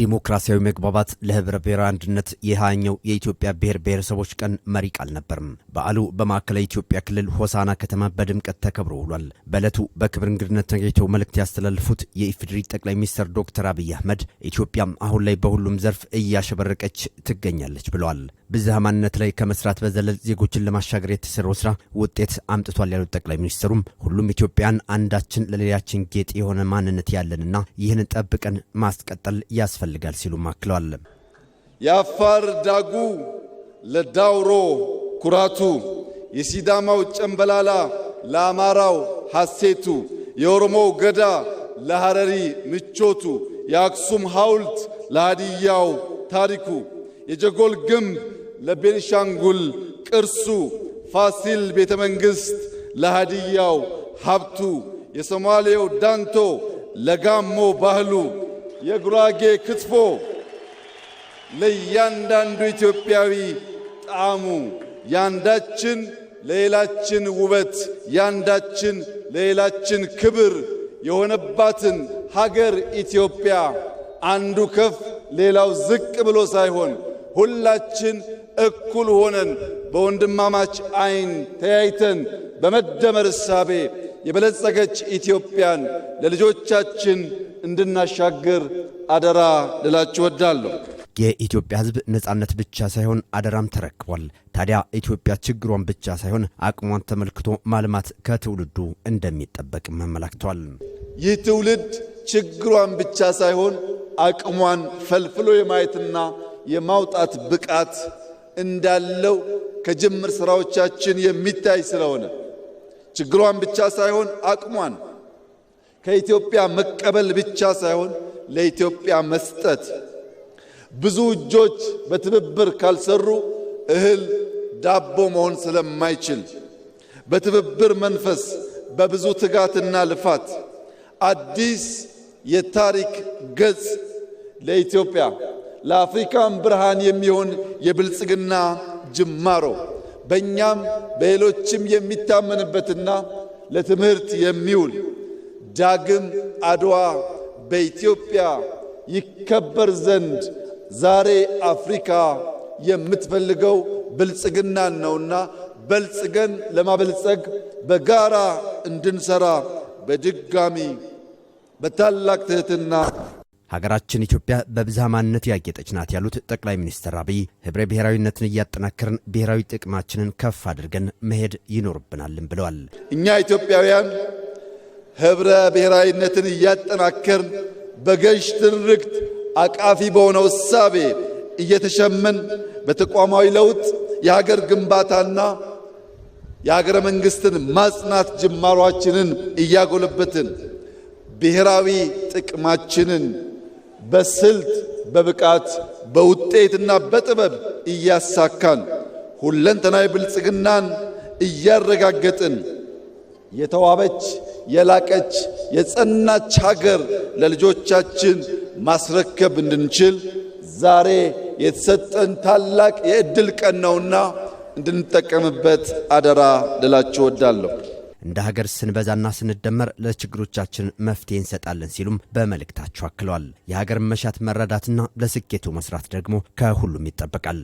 ዲሞክራሲያዊ መግባባት ለህብረ ብሔራዊ አንድነት የሃያኛው የኢትዮጵያ ብሔር ብሔረሰቦች ቀን መሪ ቃል ነበርም። በዓሉ በማዕከላዊ ኢትዮጵያ ክልል ሆሳና ከተማ በድምቀት ተከብሮ ውሏል። በዕለቱ በክብር እንግድነት ተገኝተው መልእክት ያስተላልፉት የኢፌዴሪ ጠቅላይ ሚኒስትር ዶክተር አብይ አህመድ ኢትዮጵያም አሁን ላይ በሁሉም ዘርፍ እያሸበረቀች ትገኛለች ብለዋል። ብዝሃ ማንነት ላይ ከመስራት በዘለል ዜጎችን ለማሻገር የተሰራው ስራ ውጤት አምጥቷል ያሉት ጠቅላይ ሚኒስትሩም ሁሉም ኢትዮጵያን አንዳችን ለሌላችን ጌጥ የሆነ ማንነት ያለንና ይህንን ጠብቀን ማስቀጠል ያስፈልጋል ሲሉም አክለዋል። የአፋር ዳጉ ለዳውሮ ኩራቱ፣ የሲዳማው ጨምበላላ ለአማራው ሐሴቱ፣ የኦሮሞው ገዳ ለሐረሪ ምቾቱ፣ የአክሱም ሐውልት ለሃዲያው ታሪኩ፣ የጀጎል ግንብ ለቤንሻንጉል ቅርሱ ፋሲል ቤተ መንግሥት፣ ለሃዲያው ሀብቱ፣ የሶማሌው ዳንቶ፣ ለጋሞ ባህሉ፣ የጉራጌ ክትፎ ለእያንዳንዱ ኢትዮጵያዊ ጣዕሙ ያንዳችን ለሌላችን ውበት ያንዳችን ለሌላችን ክብር የሆነባትን ሀገር ኢትዮጵያ አንዱ ከፍ ሌላው ዝቅ ብሎ ሳይሆን ሁላችን እኩል ሆነን በወንድማማች አይን ተያይተን በመደመር እሳቤ የበለጸገች ኢትዮጵያን ለልጆቻችን እንድናሻግር አደራ ልላችሁ ወዳለሁ። የኢትዮጵያ ሕዝብ ነጻነት ብቻ ሳይሆን አደራም ተረክቧል። ታዲያ ኢትዮጵያ ችግሯን ብቻ ሳይሆን አቅሟን ተመልክቶ ማልማት ከትውልዱ እንደሚጠበቅ አመላክቷል። ይህ ትውልድ ችግሯን ብቻ ሳይሆን አቅሟን ፈልፍሎ የማየትና የማውጣት ብቃት እንዳለው ከጅምር ስራዎቻችን የሚታይ ስለሆነ ችግሯን ብቻ ሳይሆን አቅሟን ከኢትዮጵያ መቀበል ብቻ ሳይሆን ለኢትዮጵያ መስጠት ብዙ እጆች በትብብር ካልሰሩ እህል ዳቦ መሆን ስለማይችል በትብብር መንፈስ በብዙ ትጋትና ልፋት አዲስ የታሪክ ገጽ ለኢትዮጵያ ለአፍሪካም ብርሃን የሚሆን የብልጽግና ጅማሮ በእኛም በሌሎችም የሚታመንበትና ለትምህርት የሚውል ዳግም አድዋ በኢትዮጵያ ይከበር ዘንድ ዛሬ አፍሪካ የምትፈልገው ብልጽግናን ነውና በልጽገን ለማበልጸግ በጋራ እንድንሰራ በድጋሚ በታላቅ ትህትና ። ሀገራችን ኢትዮጵያ በብዝሃ ማንነት ያጌጠች ናት ያሉት ጠቅላይ ሚኒስትር አብይ ህብረ ብሔራዊነትን እያጠናከርን ብሔራዊ ጥቅማችንን ከፍ አድርገን መሄድ ይኖርብናልም ብለዋል። እኛ ኢትዮጵያውያን ህብረ ብሔራዊነትን እያጠናከርን በገዥ ትርክት አቃፊ በሆነው እሳቤ እየተሸመን በተቋማዊ ለውጥ የሀገር ግንባታና የሀገረ መንግስትን ማጽናት ጅማሯችንን እያጎለበትን ብሔራዊ ጥቅማችንን በስልት በብቃት በውጤትና በጥበብ እያሳካን ሁለንተናዊ ብልጽግናን እያረጋገጥን የተዋበች የላቀች የጸናች ሀገር ለልጆቻችን ማስረከብ እንድንችል ዛሬ የተሰጠን ታላቅ የእድል ቀን ነውና እንድንጠቀምበት አደራ ልላችሁ እወዳለሁ። እንደ ሀገር ስንበዛና ስንደመር ለችግሮቻችን መፍትሄ እንሰጣለን ሲሉም በመልእክታቸው አክለዋል። የሀገር መሻት መረዳትና ለስኬቱ መስራት ደግሞ ከሁሉም ይጠበቃል።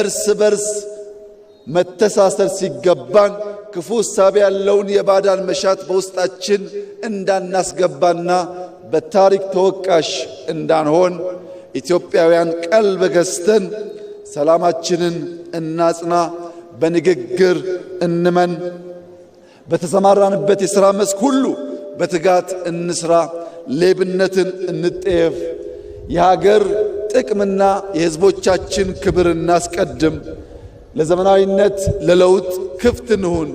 እርስ በርስ መተሳሰር ሲገባን ክፉ እሳቤ ያለውን የባዳን መሻት በውስጣችን እንዳናስገባና በታሪክ ተወቃሽ እንዳንሆን ኢትዮጵያውያን ቀልብ ገዝተን ሰላማችንን እናጽና፣ በንግግር እንመን፣ በተሰማራንበት የሥራ መስክ ሁሉ በትጋት እንስራ፣ ሌብነትን እንጠየፍ፣ የሀገር ጥቅምና የሕዝቦቻችን ክብር እናስቀድም፣ ለዘመናዊነት ለለውጥ ክፍት እንሁን፣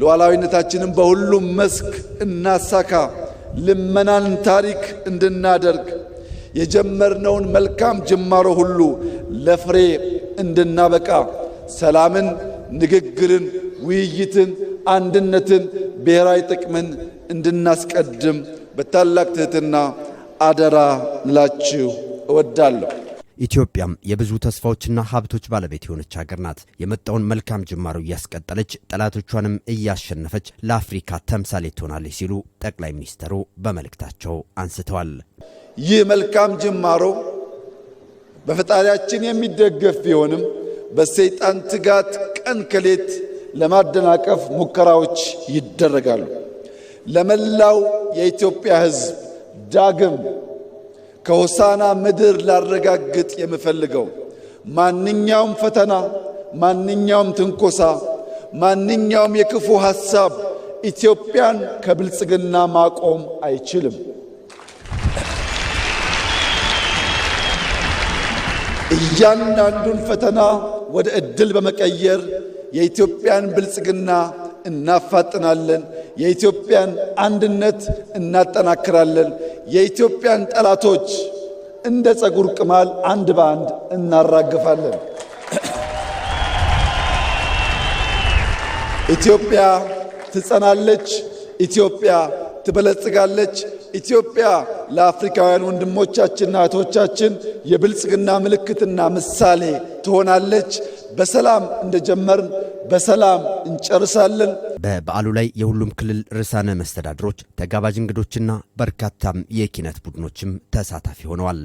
ሉዓላዊነታችንን በሁሉም መስክ እናሳካ፣ ልመናን ታሪክ እንድናደርግ የጀመርነውን መልካም ጅማሮ ሁሉ ለፍሬ እንድናበቃ ሰላምን፣ ንግግርን፣ ውይይትን አንድነትን፣ ብሔራዊ ጥቅምን እንድናስቀድም በታላቅ ትህትና አደራ ላችሁ እወዳለሁ። ኢትዮጵያም የብዙ ተስፋዎችና ሀብቶች ባለቤት የሆነች ሀገር ናት። የመጣውን መልካም ጅማሮ እያስቀጠለች ጠላቶቿንም እያሸነፈች ለአፍሪካ ተምሳሌ ትሆናለች ሲሉ ጠቅላይ ሚኒስትሩ በመልእክታቸው አንስተዋል። ይህ መልካም ጅማሮ በፈጣሪያችን የሚደገፍ ቢሆንም በሰይጣን ትጋት ቀን ከሌት ለማደናቀፍ ሙከራዎች ይደረጋሉ። ለመላው የኢትዮጵያ ህዝብ ዳግም ከሆሳና ምድር ላረጋግጥ የምፈልገው ማንኛውም ፈተና፣ ማንኛውም ትንኮሳ፣ ማንኛውም የክፉ ሐሳብ ኢትዮጵያን ከብልጽግና ማቆም አይችልም። እያንዳንዱን ፈተና ወደ ዕድል በመቀየር የኢትዮጵያን ብልጽግና እናፋጥናለን። የኢትዮጵያን አንድነት እናጠናክራለን። የኢትዮጵያን ጠላቶች እንደ ጸጉር ቅማል አንድ በአንድ እናራግፋለን። ኢትዮጵያ ትጸናለች። ኢትዮጵያ ትበለጽጋለች። ኢትዮጵያ ለአፍሪካውያን ወንድሞቻችንና እህቶቻችን የብልጽግና ምልክትና ምሳሌ ትሆናለች። በሰላም እንደጀመርን በሰላም እንጨርሳለን። በበዓሉ ላይ የሁሉም ክልል ርዕሳነ መስተዳድሮች፣ ተጋባዥ እንግዶችና በርካታም የኪነት ቡድኖችም ተሳታፊ ሆነዋል።